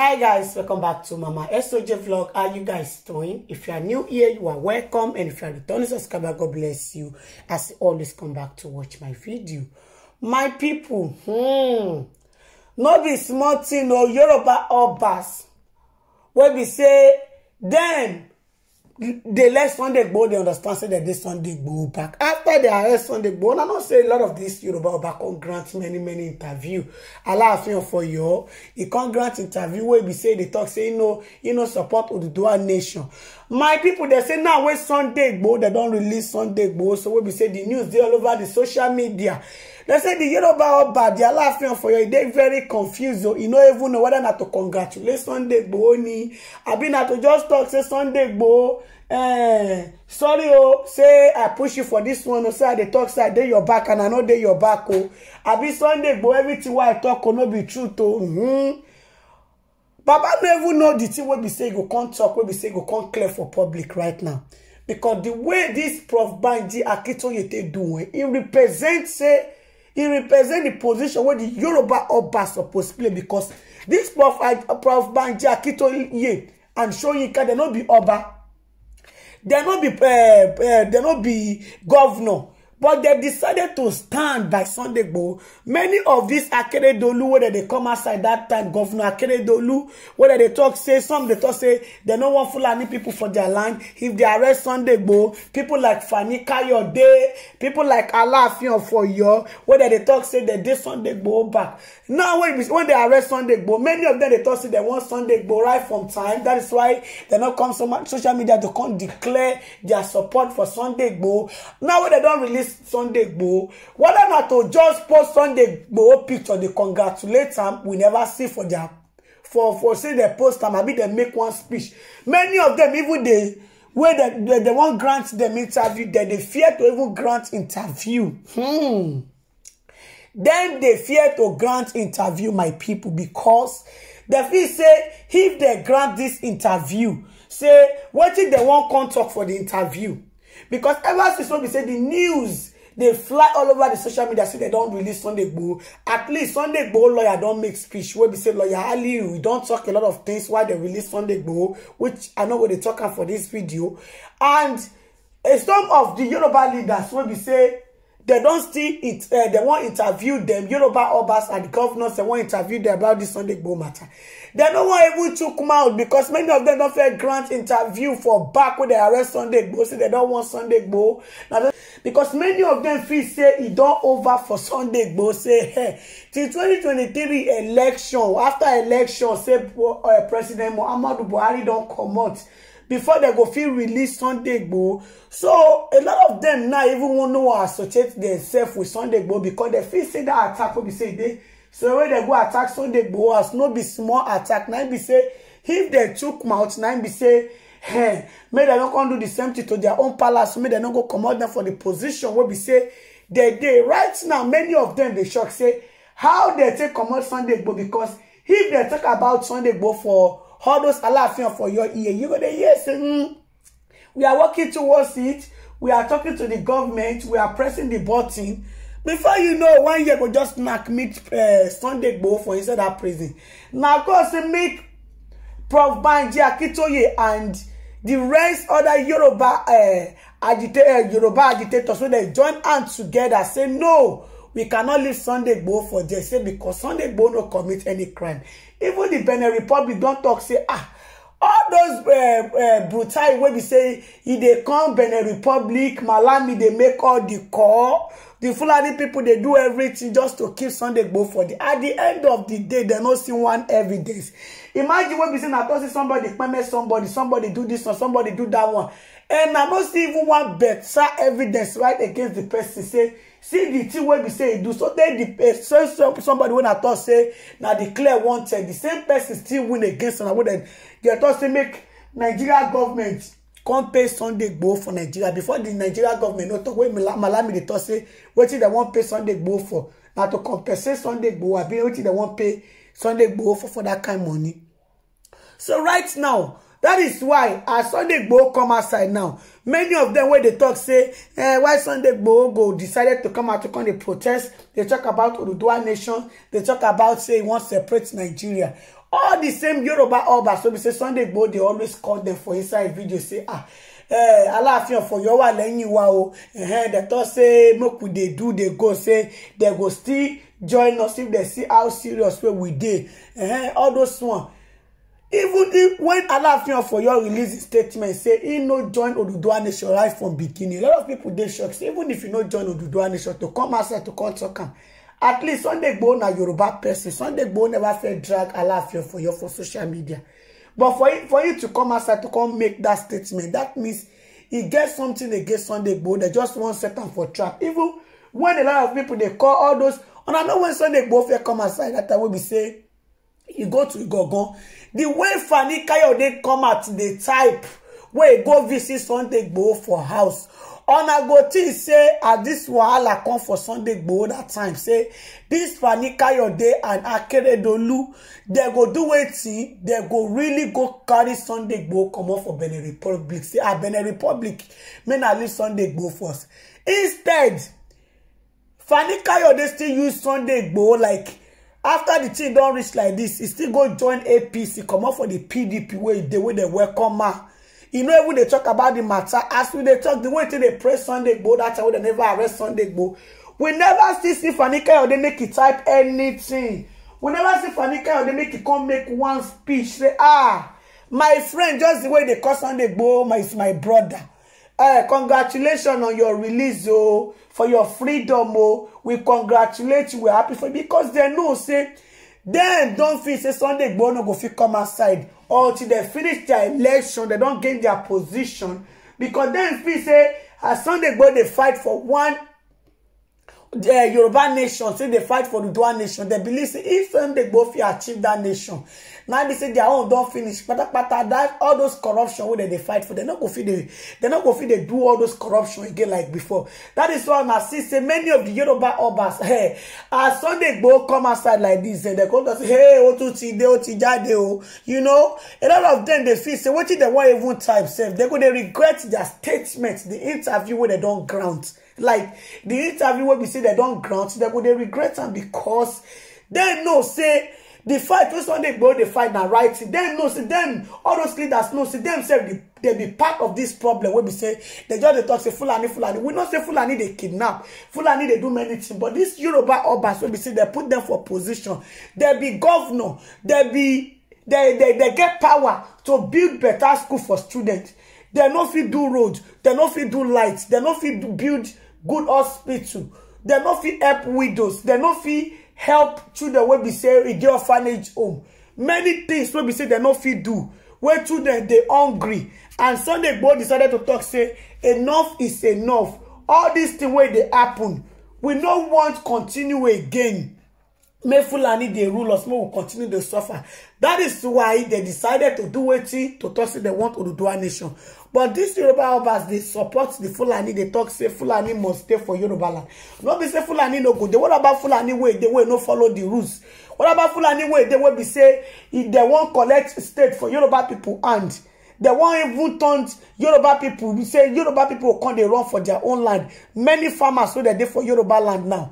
hi guys welcome back to mama soj vlog how you guys doing if you are new here you are welcome and if you are returning subscriber god bless you as you always come back to watch my video my people hmm no be small thing o yoruba obas wey we say dem The last Sunday Igboho, they understand, say that this Sunday go back. After they arrest Sunday Igboho, and I know say a lot of this Yoruba Oba can't grant many, many interview. Alaafin for you. he can't grant interview where we say they talk, say, you know, you know, support dual nation. My people, they say now nah, when Sunday Igboho, they don't release Sunday Igboho, so we say the news, they all over the social media. They say di yoruba oba di alaafin of oyo e dey very confused o e no even know whether na to congratulate sunday gboo ni abi na to just talk say sunday gboo eh sorry oh, say i push you for this one Oh, say i talk say i your back and i no dey your back oh! o abi sunday gboo everything wey i talk will not be true, o mm-hmm. baba no even know the thing wey we say go come talk, wey we say go come clear for public right now because the way this prof banji akintoye take do eh, e represents, say he represent the position wey the Yoruba Oba suppose play because this Prof. Prof. Banji Akintoye and Soyinka dem no be Oba dem no be uh, uh, dem no be governor But they decided to stand by Sunday Igboho. Many of these Akeredolu, whether they come outside that time, Governor Akeredolu, whether they talk, say, some they talk, say, they don't want Fulani people for their land. If they arrest Sunday Igboho, people like Fani Kayode, people like Alaafin for you, whether they talk, say, they did Sunday Igboho back. Now, when, when they arrest Sunday Igboho, many of them, they talk, say, they want Sunday Igboho right from time. That is why they not come so much social media to come declare their support for Sunday Igboho. Now, when they don't release praise sunday Igboho whether na to just post sunday Igboho picture dey congratulate them. we never see for their for for say dem post am abi they make one speech many of them even dey wey dem dem wan grant dem interview They dey fear to even grant interview hmm dem dey fear to grant interview my people because the feel say if they grant this interview say wetin dem wan come tok for the interview because ever since when we say the news they fly all over the social media say they don't release sunday gboo at least sunday gboo lawyer don't make speech wey we say lawyer ali we don't talk a lot of things why they release sunday gboo which i know go dey tok am for this video and some of the yoruba leaders wey be say They don still uh, They wan interview them. yoruba obas and governors they wan interview them about this sunday igbo matter They no wan even chook mouth because many of them don fair grant interview for back wey dem arrest sunday igbo say dem don want sunday igbo because many of them feel say e don over for sunday igbo say hey, eh, till 2023 election after election say eh, president muhammadu buhari don comot before they go feel release sunday igboho so a lot of them now even won't know how associate themselves with sunday igboho because they feel say that attack will be say e so when they go attack sunday igboho as no be small attack Now be say if they chook mouth now be say hey, may they not come do the same thing to their own palace May they not go comot dem for the position wey be say they. dey right now many of them dey shock say how they take comot sunday igbo because if they talk about sunday igbo for all those Aláàfin for your ear. You go there. Yes, saying, we are working towards it. We are talking to the government. We are pressing the button. Before you know, one year go just knock meet uh, Sunday Igboho for inside that prison. Now, of course, make Prof. Banji Akintoye and the rest other Yoruba uh, eh, agitator, eh, Yoruba agitators, so they join hands together, say, no, we cannot leave Sunday Igboho for this. because Sunday Igboho no commit any crime even the benin republic don't talk. say ah all those eh, eh, brutal wey we say e dey come benin republic malami they make all the call di fulani people, they do everything just to keep sunday go for the. at the end of the day they no see one evidence imagine wey we say na to say somebody peme somebody somebody do this one somebody do that one and i don't see even one better evidence right against the person say see the thing wey be say e do so then the di eh, somebody wey na talk say na declare wanted the same person still win against am wey dem dey talk say make nigeria government come pay sunday gboo for nigeria before the nigeria government no tok wey malami dey talk say wetin dem wan pay sunday gboo for na to compensate sunday gboo abi wetin dem wan pay sunday gboo for for dat kind money so right now that is why as sunday gboo come outside now many of them wey they talk say eh why sunday gboo go decided to come out to come dey protest They talk about oduduwa nation They talk about say wants wan separate nigeria all the same yoruba obas so be say sunday gboo they always call them for inside video say ah eh alaafin for yowa lẹ́yìn wa o eh they talk say make we dey do they go say they go still join us if they see how serious where we dey eh all those one even if when alaafin for Oyo release statement say he no join Oduduwa nation right from beginning a lot of people they shock say even if you no join Oduduwa nation to come outside to come talk am at least Sunday Igboho na Yoruba person Sunday Igboho never fit drag alaafin for Oyo for social media but for him for you to come outside to come make that statement that means he get something against Sunday Igboho they just want set am for trap even when a lot of people they call all those and I know when Sunday Igboho come outside that time will be say you go to Igangan The way fani kayode come at the type where go visit sunday gboo for house una go think say as ah, dis wahala come for sunday gboo that time say this fani kayode and akeredolu they go do wetin they go really go carry sunday come comot for benin republic say ah benin republic make na leave sunday gboo first instead fani kayode still use sunday gboo like after the thing don't reach like this, he still go join apc Come comot for the pdp way, the way they welcome ma. You know even they talk about the matter as we they talk the way till dey praise sunday gbo That time they never arrest sunday gbo we never still see fanike or they make e type anything. we never see fanike or they make e come make one speech say ah my friend just the way they call sunday gbo my is my brother uh, congratulations on your release oh for your freedom oh we congratulate you we're happy for you because they know say then don't feel say sunday no go fit come outside until they finish their election they don't gain their position because then feel say as sunday go they fight for one the eh, yoruba nation say they fight for the dual nation They believe say if sunday go fit achieve that nation now they say their own don finish patapata that all those corruption where they dey fight for dem not go fit They do all those corruption again like before that is why my sister, many of the yoruba obas hey, as sunday go come outside like dis eh, they go to say hey otutide otijade o you know a lot of them they feel say what wetin they want even type sef They go they regret their statement the interview where they don't grant like the interview where we say they don't grant They go they regret am becos dem know say the fight wey sunday gboo dey fight na right thing dem know say dem all those leaders know say dem sef dey be part of this problem wey be say dem just dey talk say fulani fulani we know say fulani dey kidnap fulani dey do many things but this yoruba obas wey be say dem put dem for position dem be governor dem be dem get power to build better school for students dem no fit do road dem no fit do light dem no fit build good hospital dem no fit help widows dem no fit help children wey be say e get orphanage home many things wey be say they no fit do Where children they hungry and sunday igboho decided to talk say enough is enough all these things where they happen we no want continue again May Fulani dey rule us, may we continue to suffer. That is why they decided to do it to talk say they want Oduduwa nation. But these Yoruba Obas, they support the Fulani. They talk say Fulani must stay for Yoruba land. No they say Fulani no good. They what about Fulani way? They wey no follow the rules? What about Fulani way? They wey be say if they won't collect state for Yoruba people and dem wan even turn yoruba people, we say yoruba people come they run for their own land many farmers wey dem dey for yoruba land now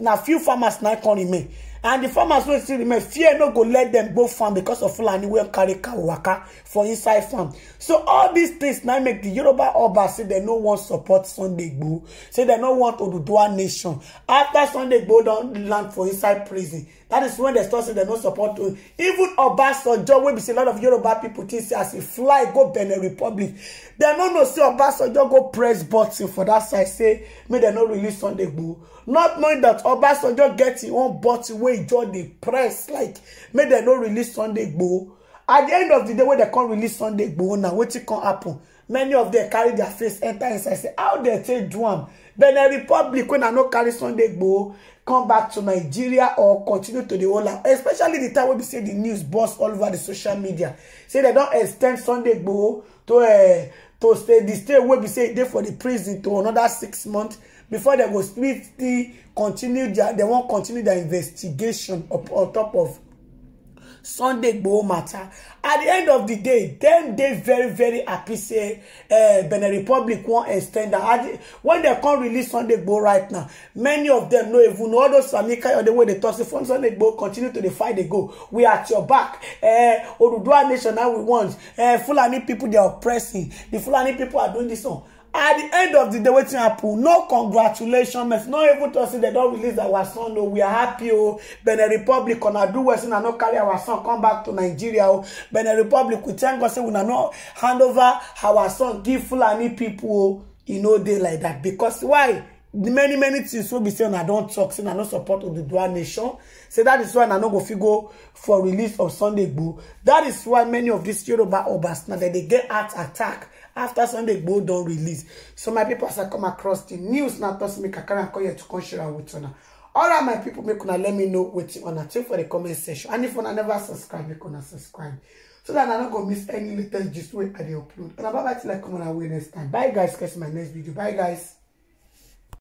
Now few farmers now come me and the farmers wey still remain fear no go let them go farm because of fulani will carry cow waka for inside farm so all these things now make the yoruba oba say they no want support sunday igbo say they no want oduduwa nation after sunday igbo don land for inside prison That is when they start say they no support to even obasanjo will be say a lot of yoruba people. think say as he fly go benin republic they no no know say obasanjo go press button for that. side say May they not release sunday boo? not knowing that obasanjo gets his own body wey just the press like may they not release sunday boo? at the end of the day wey they can't release sunday gboo na wetin come happen many of them carry their face enta inside say how they take do am benin republic when I no carry sunday gboo come back to nigeria or continue to the whole. am especially the time wey be say di news burst all over the social media say they don't extend sunday gboo to eh, to stay di stay where we say e dey for di prison to another six months before they go still continue dia dem wan continue their investigation on top of sunday gbowó matter at the end of the day dem dey very very happy say uh, benin republic wan extend am when dem come release sunday gbowó right now many of dem no even know all those sami kayode wey dey talk say from sunday gbowó continue to dey fight dey go we at your back uh, eh, oduduwa nation na we want uh, fulani people dey oppressing the fulani people are doing this one at the end of the day wetin happen no congratulation message no even to say They don release our son o we are happy o oh. benin republic una do well say una no carry our son come back to nigeria o oh. benin republic we thank god say una no hand over our son give fulani pipo o e no dey like that because why many many things will be saying I don't tok say I no support of the dual nation say that is why I no go figure for release of sunday Boo. That is why many of these yoruba obas na dem dey get heart attack after sunday Boo don't release so my people as i come across the news Now tos me, i carry am come to come share am with una alright my people, make una let me know you. una think for the comment section and if una never subscribe make una subscribe so that i no go miss any little just wey i dey upload and bye bye till i come on away next time bye guys catch my next video bye guys